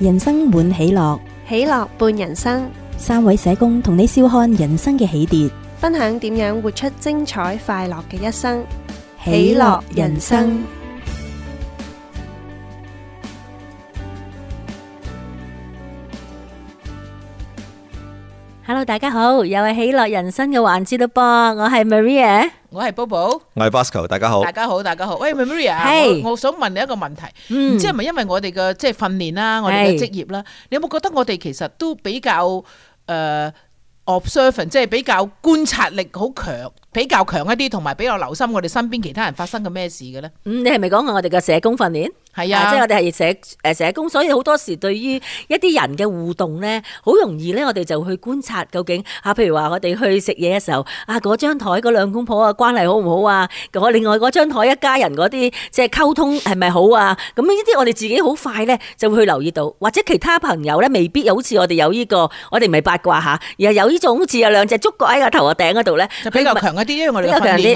人生滿喜樂，喜樂伴人生。三位社工同你笑看人生嘅起跌，分享點樣活出精彩快樂嘅一生。喜樂人生，Hello，大家好，又係喜樂人生嘅環節啦噃，我係 Maria。我係 Bobo，我係 Bosco，大家好，大家好，大家好。喂，Maria，我我想問你一個問題，唔知係咪因為我哋嘅即係訓練啦，我哋嘅職業啦，你有冇覺得我哋其實都比較誒 observant，即係比較觀察力好強？比較強一啲，同埋比較留心我哋身邊其他人發生嘅咩事嘅咧。嗯，你係咪講過我哋嘅社工訓練？係啊，即係、啊就是、我哋係社誒社工，所以好多時對於一啲人嘅互動咧，好容易咧，我哋就去觀察究竟嚇、啊，譬如話我哋去食嘢嘅時候，啊嗰張台嗰兩公婆嘅關係好唔好啊？那另外嗰張台一家人嗰啲即係溝通係咪好啊？咁呢啲我哋自己好快咧就會去留意到，或者其他朋友咧未必好似我哋有呢、呢個，我哋唔係八卦吓而又有呢種好似有兩隻觸角喺個頭殼頂嗰度咧，就比較強。因為我哋嘅訓練，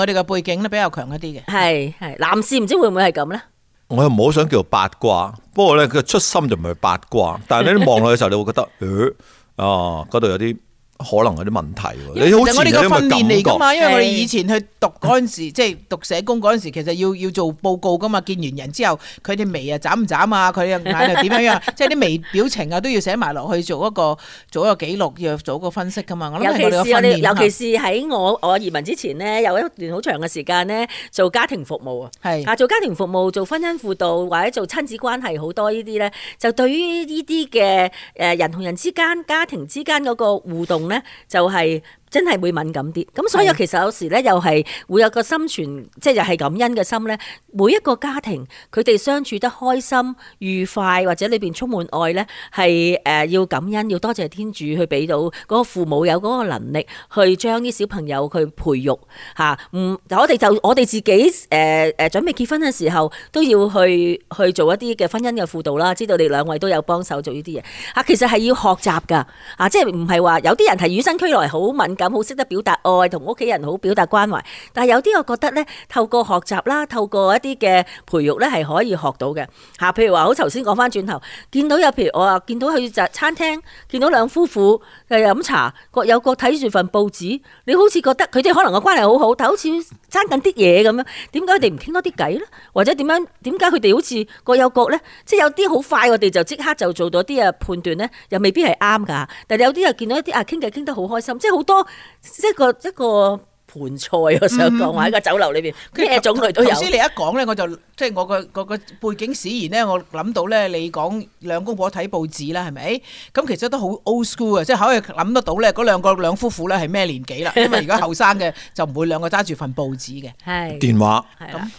我哋嘅背景咧比較強一啲嘅，係係男士唔知會唔會係咁咧？我又唔好想叫做八卦，不過咧佢嘅初心就唔係八卦，但係你望落嘅時候， 你會覺得，嗯、呃、啊，嗰度有啲。可能有啲問題，你我哋個訓練嚟㗎嘛？因為我哋以前去讀嗰陣時，即係讀社工嗰陣時，其實要要做報告㗎嘛。見完人之後，佢哋眉啊眨唔眨啊，佢嘅眼又點樣樣，即係啲微表情啊都要寫埋落去做一個做一個記錄，要做個分析㗎嘛。我諗係我哋尤其是喺我我移民之前呢，有一段好長嘅時間呢，做家庭服務啊，係啊，做家庭服務、做婚姻輔導或者做親子關係好多呢啲咧，就對於呢啲嘅誒人同人之間、家庭之間嗰個互動。咧就係、是。真係會敏感啲，咁所以其實有時咧，又係會有個心存即係又係感恩嘅心咧。每一個家庭佢哋相處得開心愉快，或者裏邊充滿愛咧，係誒要感恩，要多謝天主去俾到嗰個父母有嗰個能力去將啲小朋友去培育吓。嗯，我哋就我哋自己誒誒準備結婚嘅時候都要去去做一啲嘅婚姻嘅輔導啦。知道你兩位都有幫手做呢啲嘢，其實係要學習噶啊，即係唔係話有啲人係與生俱來好敏。咁好識得表達愛同屋企人好表達關懷，但係有啲我覺得咧，透過學習啦，透過一啲嘅培育咧，係可以學到嘅。嚇，譬如話好頭先講返轉頭，見到有譬如我話見到去就餐廳，見到兩夫婦誒飲茶，各有各睇住份報紙。你好似覺得佢哋可能個關係好好，但好似爭緊啲嘢咁樣。點解佢哋唔傾多啲偈咧？或者點樣？點解佢哋好似各有各咧？即係有啲好快，我哋就即刻就做到啲啊判斷咧，又未必係啱㗎。但係有啲又見到一啲啊傾偈傾得好開心，即係好多。一個一個盤菜我想講，喺個酒樓裏邊，咩種類都有。頭先你一講咧，我就即係我個個個背景使然咧，我諗到咧，你講兩公婆睇報紙啦，係咪？咁其實都好 old school 啊，即係可以諗得到咧，嗰兩個兩夫婦咧係咩年紀啦？因為而家後生嘅就唔會兩個揸住份報紙嘅。係電話，咁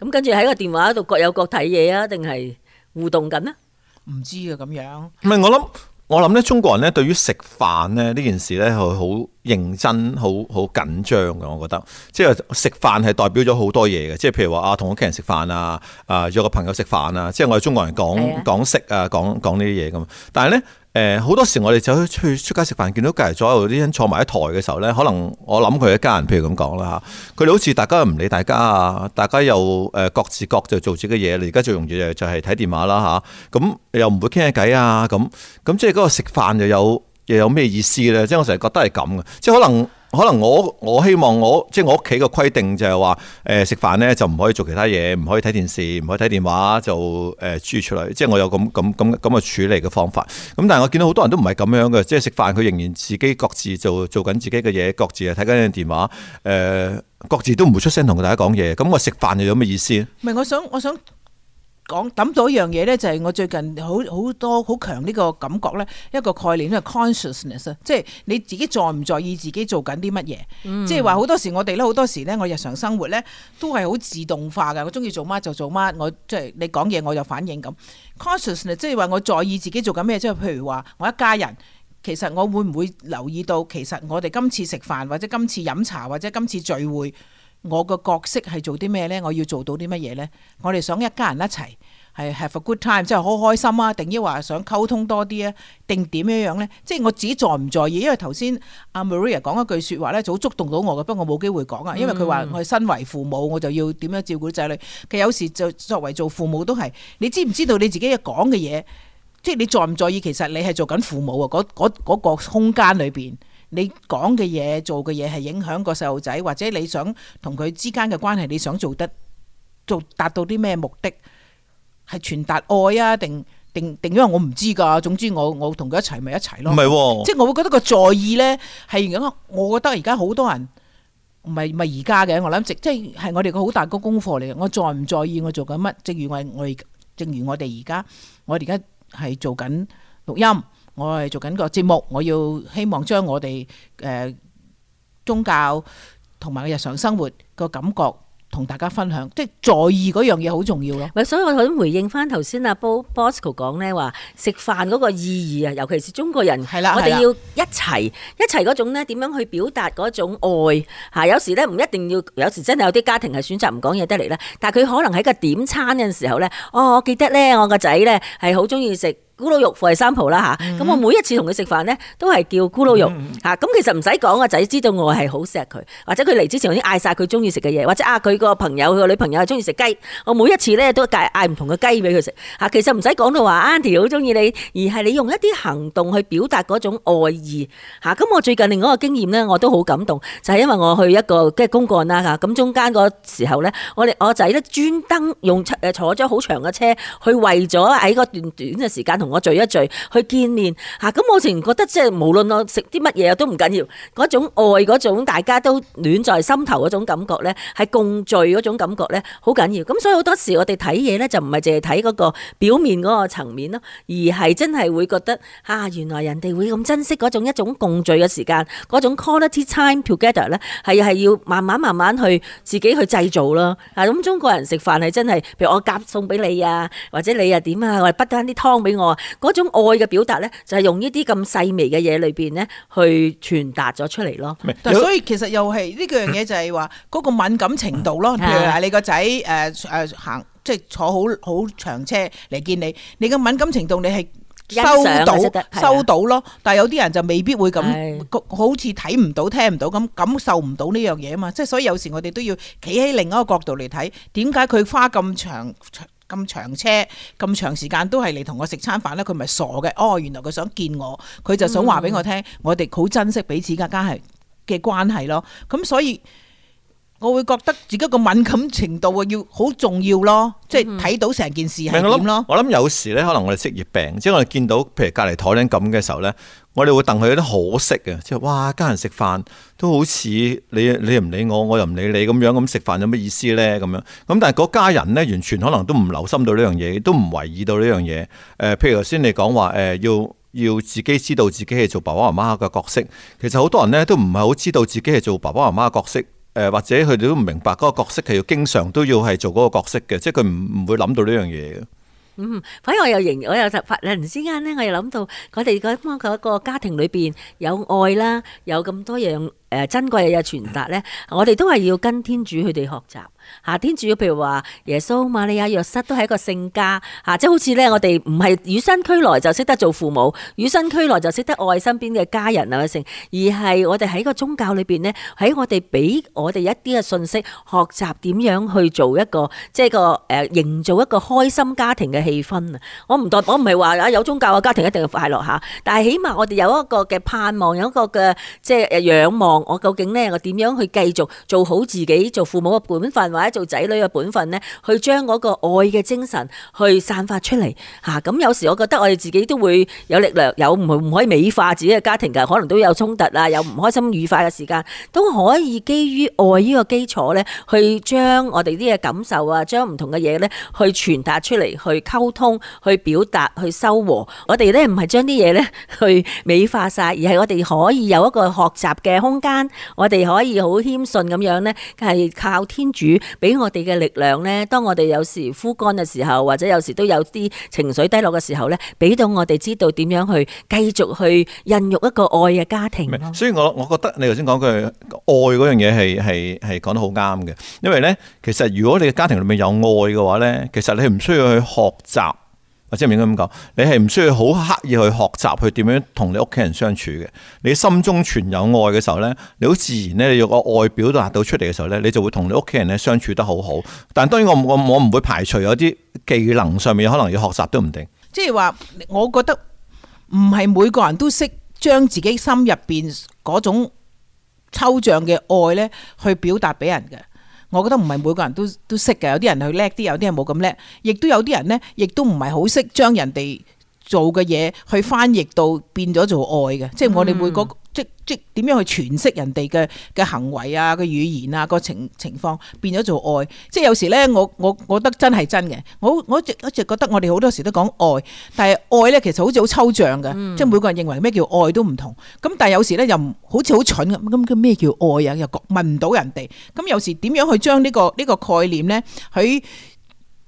咁跟住喺個電話度各有各睇嘢啊，定係互動緊啊？唔知啊，咁樣。唔係我諗。我諗咧，中國人咧對於食飯咧呢件事咧係好認真、好好緊張嘅我覺得，即係食飯係代表咗好多嘢嘅。即係譬如話啊，同屋企人食飯啊，啊約個朋友食飯啊，即係我哋中國人講講食啊，講講呢啲嘢咁。但係咧。誒，好多時我哋就去出去出街食飯，見到隔籬左右啲人坐埋一台嘅時候呢，可能我諗佢一家人，譬如咁講啦，佢哋好似大家又唔理大家啊，大家又誒各自各就做自己嘢。你而家最容易就係睇電話啦吓，咁又唔會傾下偈啊，咁咁即係嗰個食飯又有又有咩意思呢？即係我成日覺得係咁嘅，即係可能。可能我我希望我即係我屋企嘅規定就係話，誒，食飯呢就唔可以做其他嘢，唔可以睇電視，唔可以睇電話，就誒專注嚟，即係我有咁咁咁咁嘅處理嘅方法。咁但係我見到好多人都唔係咁樣嘅，即係食飯佢仍然自己各自做做緊自己嘅嘢，各自啊，睇緊嘅電話，誒，各自都唔會出聲同大家講嘢。咁我食飯又有咩意思咧？唔係我想我想。我想講到一樣嘢呢，就係、是、我最近好好多好強呢個感覺呢，一個概念呢係，consciousness，即係你自己在唔在意自己做緊啲乜嘢？嗯嗯，即係話好多時我哋呢，好多時呢，我日常生活呢都係好自動化嘅，我中意做乜就做乜，我即係你講嘢我就反應咁。consciousness，即係話我在意自己做緊咩，即係譬如話我一家人，其實我會唔會留意到其實我哋今次食飯或者今次飲茶或者今次聚會？我個角色係做啲咩呢？我要做到啲乜嘢呢？我哋想一家人一齊係 have a good time，即係好開心啊！定依話想溝通多啲啊？定點樣樣呢？即係我自己在唔在意？因為頭先阿 Maria 講一句説話呢，就好觸動到我嘅，不過我冇機會講啊。因為佢話我係身為父母，我就要點樣照顧仔女。佢有時就作為做父母都係，你知唔知道你自己嘅講嘅嘢？即係你在唔在意？其實你係做緊父母啊！嗰、嗰個空間裏邊，你講嘅嘢做嘅嘢係影響個細路仔，或者你想同佢之間嘅關係，你想做得做達到啲咩目的？係傳達愛啊，定定定，因為我唔知噶。總之我我同佢一齊咪一齊咯。唔係冇錯，即係我會覺得個在意咧，係而家。我覺得而家好多人，唔係唔係而家嘅。我諗即即係我哋個好大個功課嚟嘅。我在唔在意我在做緊乜？正如我我，正如我哋而家，我哋而家係做緊錄音。我係做緊個節目，我要希望將我哋誒宗教同埋日常生活個感覺同大家分享，即係在意嗰樣嘢好重要咯。咪所以我想回應翻頭先啊，Bo Bosco 講呢話食飯嗰個意義啊，尤其係中國人，係啦，我哋要一齊一齊嗰種呢，點樣去表達嗰種愛嚇？有時呢唔一定要，有時真係有啲家庭係選擇唔講嘢得嚟呢。但係佢可能喺個點餐嘅時候呢，哦，我記得呢，我個仔呢係好鍾意食。咕嚕肉扶係三蒲啦吓，咁我每一次同佢食飯咧，都係叫咕嚕肉嚇。咁其實唔使講，個仔知道我係好錫佢，或者佢嚟之前我已經嗌晒佢中意食嘅嘢，或者啊佢個朋友佢個女朋友係中意食雞，我每一次咧都嗌嗌唔同嘅雞俾佢食嚇。其實唔使講到話，Andy 好中意你，而係你用一啲行動去表達嗰種愛意嚇。咁我最近另外一個經驗咧，我都好感動，就係、是、因為我去一個即係公幹啦嚇，咁中間個時候咧，我哋我仔咧專登用坐咗好長嘅車去為咗喺嗰段短嘅時間同。我聚一聚去見面吓，咁、啊、我甚至覺得即係無論我食啲乜嘢都唔緊要，嗰種愛嗰種大家都暖在心頭嗰種感覺咧，係共聚嗰種感覺咧，好緊要。咁所以好多時我哋睇嘢咧，就唔係淨係睇嗰個表面嗰個層面咯，而係真係會覺得啊，原來人哋會咁珍惜嗰種一種共聚嘅時間，嗰種 quality time together 咧，係係要慢慢慢慢去自己去製造咯。啊咁中國人食飯係真係，譬如我夾餸俾你啊，或者你又點啊，我不單啲湯俾我。嗰種愛嘅表達咧，就係用呢啲咁細微嘅嘢裏邊咧，去傳達咗出嚟咯。所以其實又係呢樣嘢就係話嗰個敏感程度咯。譬如你個仔誒誒行即係坐好好長車嚟見你，你嘅敏感程度你係收到收到咯。但係有啲人就未必會咁，好似睇唔到、聽唔到咁感受唔到呢樣嘢啊嘛。即係所以有時我哋都要企喺另一個角度嚟睇，點解佢花咁長？咁長車咁長時間都係嚟同我食餐飯咧，佢咪傻嘅？哦，原來佢想見我，佢就想話俾我聽，我哋好珍惜彼此間間係嘅關係咯。咁所以，我會覺得自己個敏感程度啊，要好重要咯。即係睇到成件事係點咯。我諗有時咧，可能我哋職業病，即係我哋見到譬如隔離台頂咁嘅時候咧。我哋會戥佢有啲可惜嘅，即係哇，家人食飯都好似你你唔理我，我又唔理你咁樣，咁食飯有咩意思呢？咁樣咁，但係嗰家人呢，完全可能都唔留心到呢樣嘢，都唔懷疑到呢樣嘢。呃、譬如頭先你講話誒，要要自己知道自己係做爸爸媽媽嘅角色，其實好多人呢，都唔係好知道自己係做爸爸媽媽嘅角色，誒、呃、或者佢哋都唔明白嗰個角色係要經常都要係做嗰個角色嘅，即係佢唔會諗到呢樣嘢。嗯，反正我又認，我又發。忽然之間咧，我又諗到，佢哋嗰幫嗰個家庭裏邊有愛啦，有咁多樣。誒，珍貴嘅傳達咧，我哋都係要跟天主佢哋學習。吓，天主譬如話耶穌、瑪利亞、約瑟都係一個聖家。吓，即係好似咧，我哋唔係與生俱來就識得做父母，與生俱來就識得愛身邊嘅家人啊，剩而係我哋喺個宗教裏邊呢，喺我哋俾我哋一啲嘅信息，學習點樣去做一個，即係個誒營造一個開心家庭嘅氣氛啊。我唔代，我唔係話啊有宗教嘅家庭一定要快樂吓，但係起碼我哋有一個嘅盼望，有一個嘅即係仰望。我究竟呢，我點樣去繼續做好自己做父母嘅本分，或者做仔女嘅本分咧？去將嗰個愛嘅精神去散發出嚟吓。咁、啊、有時我覺得我哋自己都會有力量，有唔唔可以美化自己嘅家庭噶，可能都有衝突啊，有唔開心、愉快嘅時間，都可以基於愛呢個基礎咧，去將我哋啲嘅感受啊，將唔同嘅嘢咧，去傳達出嚟，去溝通，去表達，去修和。我哋咧唔係將啲嘢咧去美化晒，而係我哋可以有一個學習嘅空間。間我哋可以好謙遜咁樣呢，係靠天主俾我哋嘅力量呢。當我哋有時枯乾嘅時候，或者有時都有啲情緒低落嘅時候呢，俾到我哋知道點樣去繼續去孕育一個愛嘅家庭。所以，我我覺得你頭先講句愛嗰樣嘢，係係係講得好啱嘅，因為呢，其實如果你嘅家庭裏面有愛嘅話呢，其實你唔需要去學習。或者唔應該咁講，你係唔需要好刻意去學習去點樣同你屋企人相處嘅。你心中存有愛嘅時候呢，你好自然呢，你有個愛表達到出嚟嘅時候呢，你就會同你屋企人呢相處得好好。但係當然我我唔會排除有啲技能上面可能要學習都唔定。即係話，我覺得唔係每個人都識將自己心入邊嗰種抽象嘅愛呢去表達俾人嘅。我覺得唔係每個人都都識嘅，有啲人去叻啲，有啲人冇咁叻，亦都有啲人咧，亦都唔係好識將人哋做嘅嘢去翻譯到變咗做愛嘅，即係我哋每個。即點樣去詮釋人哋嘅嘅行為啊、個語言啊、個情情況變咗做愛？即有時咧，我我我覺得真係真嘅。我我一直一直覺得我哋好多時都講愛，但係愛咧其實好似好抽象嘅，即每個人認為咩叫愛都唔同。咁但係有時咧又好似好蠢咁咁咩叫愛啊？又問唔到人哋。咁有時點樣去將呢個呢個概念咧喺？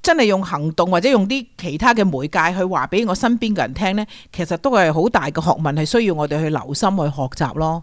真係用行動或者用啲其他嘅媒介去話俾我身邊嘅人聽呢，其實都係好大嘅學問，係需要我哋去留心去學習咯。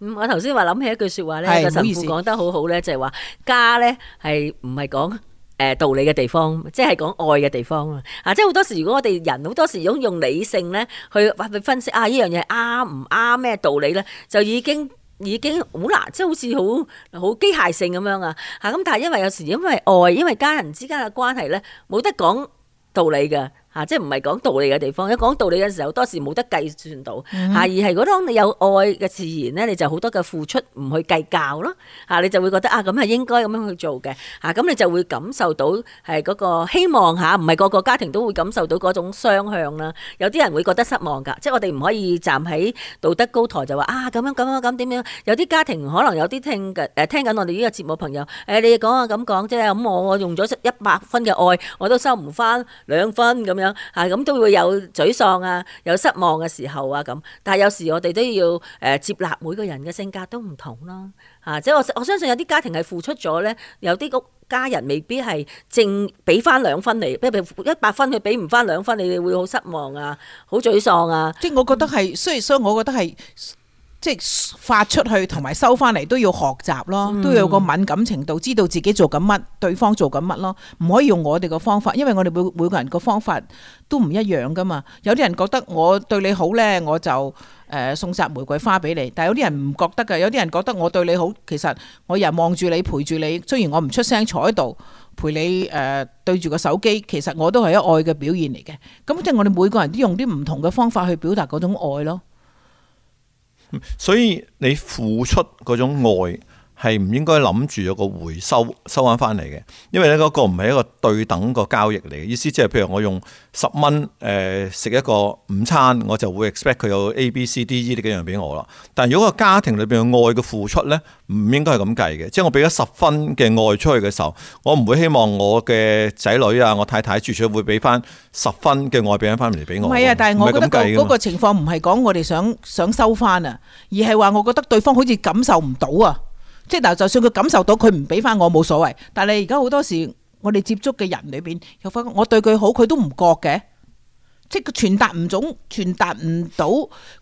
嗯，我頭先話諗起一句説話呢，個神父講得好好呢，就係話家呢，係唔係講誒道理嘅地方，即係講愛嘅地方啊！即係好多時，如果我哋人好多時如果用理性呢去去分析啊，呢樣嘢啱唔啱咩道理呢，就已經。已經好難，即係好似好好機械性咁樣啊，吓咁，但係因為有時因為愛，因為家人之間嘅關係咧，冇得講道理㗎。啊、即係唔係講道理嘅地方？一講道理嘅時候，多時冇得計算到、啊、而係如果你有愛嘅自然咧，你就好多嘅付出唔去計較咯嚇、啊，你就會覺得啊，咁係應該咁樣去做嘅嚇，咁、啊、你就會感受到係嗰個希望嚇，唔係個個家庭都會感受到嗰種雙向啦。有啲人會覺得失望㗎，即係我哋唔可以站喺道德高台就話啊咁樣咁樣咁點樣，樣？有啲家庭可能有啲聽嘅誒、呃，聽緊我哋呢個節目朋友誒、哎，你講下咁講啫，咁、嗯、我我用咗一百分嘅愛，我都收唔翻兩分咁樣。啊咁都會有沮喪啊，有失望嘅時候啊咁。但係有時我哋都要誒接納每個人嘅性格都唔同咯。啊，即係我我相信有啲家庭係付出咗咧，有啲家人未必係正俾翻兩分你，一百分佢俾唔翻兩分，你哋會好失望啊，好沮喪啊。即係我覺得係，雖然所以，我覺得係。即係發出去同埋收翻嚟都要學習咯，都要有個敏感程度，知道自己做緊乜，對方做緊乜咯。唔可以用我哋個方法，因為我哋每每個人個方法都唔一樣噶嘛。有啲人覺得我對你好呢，我就誒送紮玫瑰花俾你。但係有啲人唔覺得㗎，有啲人覺得我對你好，其實我又望住你陪住你，雖然我唔出聲坐喺度陪你誒對住個手機，其實我都係一愛嘅表現嚟嘅。咁即係我哋每個人都用啲唔同嘅方法去表達嗰種愛咯。所以你付出嗰種愛，係唔應該諗住有個回收收翻翻嚟嘅，因為咧嗰個唔係一個對等個交易嚟嘅意思，即係譬如我用十蚊誒食一個午餐，我就會 expect 佢有 A、B、C、D、E 呢幾樣俾我啦。但如果個家庭裏邊嘅愛嘅付出呢，唔應該係咁計嘅，即係我俾咗十分嘅愛出去嘅時候，我唔會希望我嘅仔女啊、我太太住處會俾翻十分嘅愛俾翻翻嚟俾我。唔係啊，但係我覺得嗰個嗰個情況唔係講我哋想想收翻啊，而係話我覺得對方好似感受唔到啊。即係就算佢感受到佢唔俾翻我冇所謂，但係而家好多時我哋接觸嘅人裏邊，有發覺我對佢好佢都唔覺嘅，即係傳達唔總傳達唔到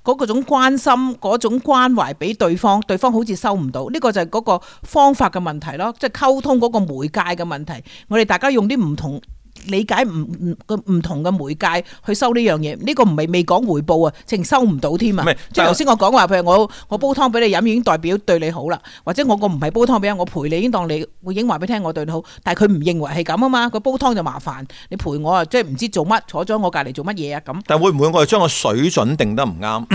嗰種關心嗰種關懷俾對方，對方好似收唔到，呢個就係嗰個方法嘅問題咯，即係溝通嗰個媒介嘅問題，我哋大家用啲唔同。理解唔唔個唔同嘅媒介去收呢樣嘢，呢個唔係未講回報啊，情收唔到添啊！即係頭先我講話，譬如我我煲湯俾你飲已經代表對你好啦，或者我個唔係煲湯俾你，我陪你已經當你，我已經話俾你聽我對你好，但係佢唔認為係咁啊嘛，佢煲湯就麻煩，你陪我啊，即係唔知做乜，坐咗我隔離做乜嘢啊咁。但係會唔會我係將個水準定得唔啱？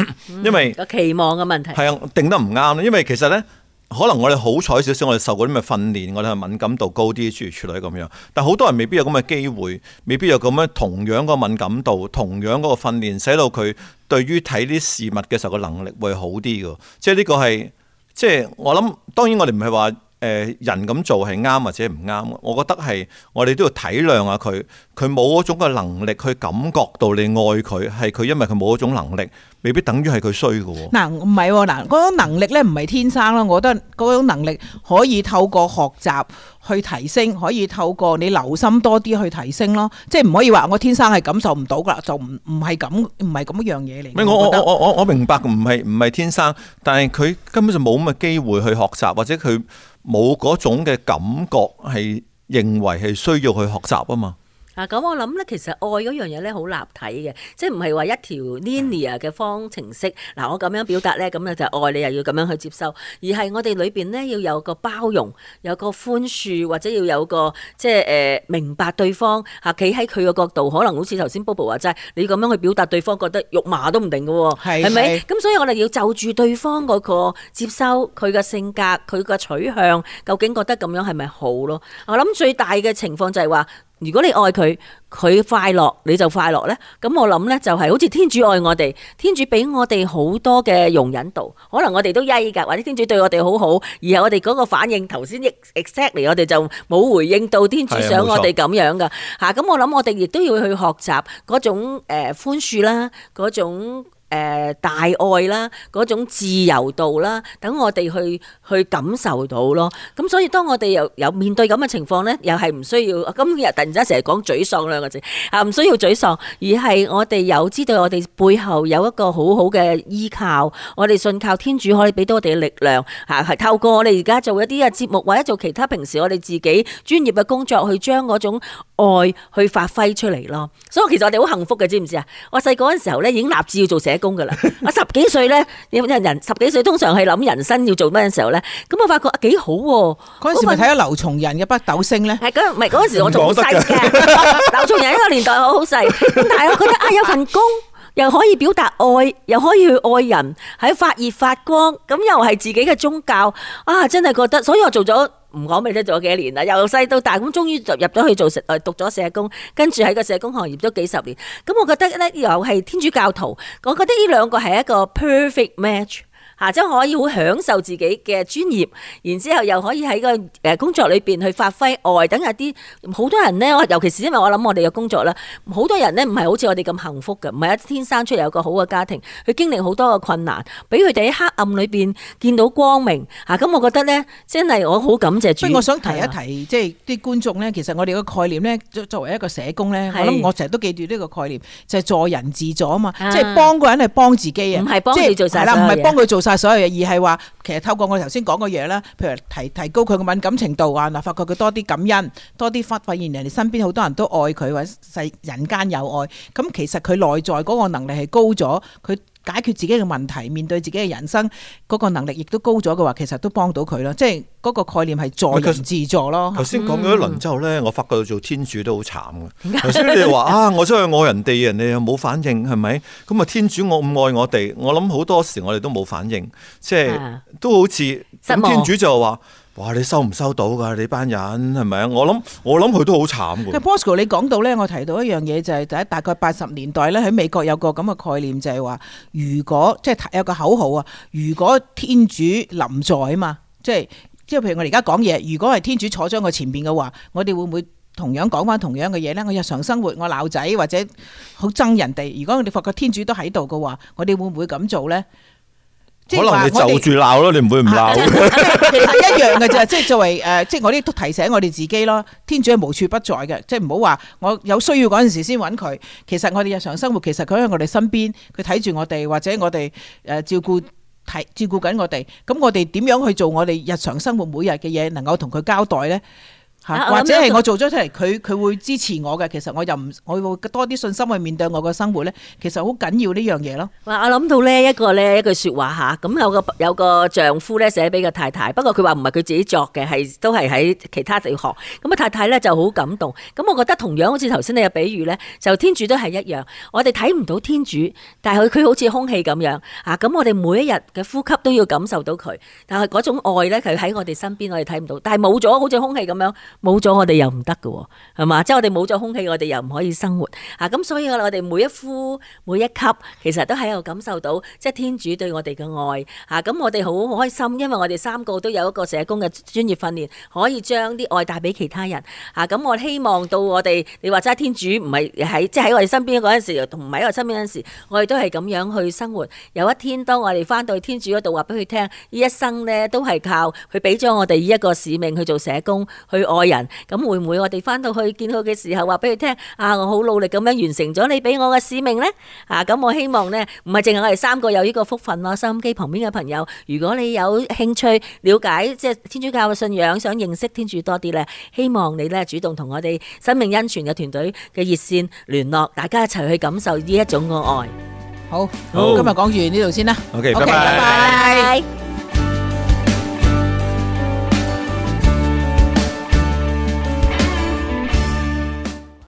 因為個期望嘅問題係啊，定得唔啱咯，因為其實咧。可能我哋好彩少少，我哋受過啲咩訓練，我哋係敏感度高啲，諸如此類咁樣。但好多人未必有咁嘅機會，未必有咁樣同樣個敏感度、同樣個訓練，使到佢對於睇啲事物嘅時候嘅能力會好啲嘅。即係呢個係，即係我諗，當然我哋唔係話。誒人咁做係啱或者唔啱，我覺得係我哋都要體諒下佢，佢冇嗰種嘅能力去感覺到你愛佢，係佢因為佢冇嗰種能力，未必等於係佢衰㗎喎。嗱，唔係喎，嗱，嗰種能力咧，唔係天生咯，我覺得嗰種能力可以透過學習去提升，可以透過你留心多啲去提升咯。即係唔可以話我天生係感受唔到㗎啦，就唔，唔係咁，唔係咁樣嘢嚟。咩？我我我我我明白唔係唔係天生，但係佢根本就冇咁嘅機會去學習或者佢。冇嗰種嘅感覺，係認為係需要去學習吖嘛。嗱，咁我諗咧，其實愛嗰樣嘢咧，好立體嘅，即係唔係話一條 linear 嘅方程式。嗱，我咁樣表達咧，咁咧就愛你，又要咁樣去接收。而係我哋裏邊咧要有個包容，有個寬恕，或者要有個即係、呃、明白對方嚇，企喺佢個角度，可能好似頭先 Bobo 話齋，你咁樣去表達，對方覺得肉麻都唔定㗎喎，係咪是是？咁所以我哋要就住對方嗰個接收佢嘅性格、佢嘅取向，究竟覺得咁樣係咪好咯？我諗最大嘅情況就係話。如果你愛佢，佢快樂你就快樂咧。咁我諗咧就係好似天主愛我哋，天主俾我哋好多嘅容忍度，可能我哋都曳噶，或者天主對我哋好好，而係我哋嗰個反應頭先 exactly 我哋就冇回應到天主想我哋咁樣噶。吓、啊，咁我諗我哋亦都要去學習嗰種誒寬恕啦，嗰種。誒，大愛啦，嗰種自由度啦，等我哋去去感受到咯。咁所以當我哋又有面對咁嘅情況呢，又係唔需要今日突然之間成日講沮喪兩個字啊，唔需要沮喪，而係我哋有知道我哋背後有一個好好嘅依靠，我哋信靠天主可以俾到我哋嘅力量啊，係透過我哋而家做一啲嘅節目，或者做其他平時我哋自己專業嘅工作，去將嗰種愛去發揮出嚟咯。所以其實我哋好幸福嘅，知唔知啊？我細個嗰陣時候呢，已經立志要做社。工噶啦！啊，十幾歲咧，有人人十幾歲通常係諗人生要做咩嘅時候咧？咁我發覺啊，幾好喎！嗰陣時咪睇下劉松仁嘅北斗星咧，係咁，唔係嗰陣時我仲好細嘅。劉松仁呢個年代我好好細，咁但係我覺得啊，有份工又可以表達愛，又可以去愛人，喺發熱發光，咁又係自己嘅宗教啊！真係覺得，所以我做咗。唔講未得咗幾多年啦，由細到大咁，終於就入咗去做社，讀咗社工，跟住，喺個社工行業都幾十年。咁我覺得呢，又係天主教徒，我覺得呢兩個係一個 perfect match。啊！即可以好享受自己嘅專業，然之後又可以喺個誒工作裏邊去發揮外。外等下啲好多人咧，尤其是因為我諗我哋嘅工作啦，好多人咧唔係好似我哋咁幸福嘅，唔係一天生出嚟有個好嘅家庭，去經歷好多嘅困難，俾佢哋喺黑暗裏邊見到光明。啊！咁我覺得咧，真係我好感謝主。所以我想提一提，是的 即係啲觀眾咧，其實我哋個概念咧，作作為一個社工咧，是的 我諗我成日都記住呢個概念，就係、是、助人自助啊嘛，即係是的 幫個人係幫自己啊，唔係、嗯、幫你做曬啦，唔係幫佢做。晒所有嘢，而係話其實透過我哋頭先講嘅嘢啦，譬如提提高佢嘅敏感程度啊，嗱，發覺佢多啲感恩，多啲發發現人哋身邊好多人都愛佢，或者世人間有愛，咁其實佢內在嗰個能力係高咗，佢。解決自己嘅問題，面對自己嘅人生嗰個能力亦都高咗嘅話，其實都幫到佢啦。即係嗰個概念係助人自助咯。頭先講咗一輪之後呢，我發覺做天主都好慘嘅。頭先你話啊，我真係愛人哋，人哋又冇反應，係咪？咁啊，天主我唔愛我哋，我諗好多時我哋都冇反應，即係都好似。咁天主就話。哇！你收唔收到噶？你班人係咪啊？我諗我諗佢都好慘。即係 Bosco，你講到呢，我提到一樣嘢就係就喺大概八十年代呢，喺美國有個咁嘅概念就係、是、話，如果即係有個口號啊，如果天主臨在啊嘛，即係即係譬如我哋而家講嘢，如果係天主坐咗我前邊嘅話，我哋會唔會同樣講翻同樣嘅嘢呢？我日常生活我鬧仔或者好憎人哋，如果我哋發覺天主都喺度嘅話，我哋會唔會咁做呢？可能你就住鬧咯，你唔會唔鬧。 其實一樣嘅啫，即係作為誒，即係我呢都提醒我哋自己咯。天主係無處不在嘅，即係唔好話我有需要嗰陣時先揾佢。其實我哋日常生活，其實佢喺我哋身邊，佢睇住我哋，或者我哋誒照顧睇照顧緊我哋。咁我哋點樣去做我哋日常生活每日嘅嘢，能夠同佢交代呢？或者係我做咗出嚟，佢佢會支持我嘅。其實我又唔，我會多啲信心去面對我嘅生活咧。其實好緊要呢樣嘢咯。嗱，我諗到呢一個咧一句説話嚇，咁有個有個丈夫咧寫俾個太太，不過佢話唔係佢自己作嘅，係都係喺其他地學。咁啊太太咧就好感動。咁我覺得同樣好似頭先你嘅比喻咧，就天主都係一樣。我哋睇唔到天主，但係佢好似空氣咁樣啊。咁我哋每一日嘅呼吸都要感受到佢，但係嗰種愛咧，佢喺我哋身邊，我哋睇唔到，但係冇咗好似空氣咁樣。冇咗我哋又唔得嘅，係嘛，即係我哋冇咗空氣，我哋又唔可以生活吓。咁、啊、所以我哋每一呼每一吸，其實都喺度感受到，即係天主對我哋嘅愛吓，咁、啊啊、我哋好開心，因為我哋三個都有一個社工嘅專業訓練，可以將啲愛帶俾其他人吓，咁、啊啊、我希望到我哋，你話齋天主唔係喺，即係喺我哋身邊嗰陣時，同唔喺我身邊陣時，我哋都係咁樣去生活。有一天當我哋翻到去天主嗰度話俾佢聽，呢一生咧都係靠佢俾咗我哋呢一個使命去做社工，去愛。人咁，會唔會我哋翻到去見佢嘅時候話俾佢聽啊？我好努力咁樣完成咗你俾我嘅使命咧啊！咁我希望咧唔係淨係我哋三個有呢個福分囉。收音機旁邊嘅朋友，如果你有興趣了解即係天主教嘅信仰，想認識天主多啲咧，希望你咧主動同我哋生命恩泉嘅團隊嘅熱線聯絡，大家一齊去感受呢一種嘅愛。好，今日講完呢度先啦。OK，拜拜。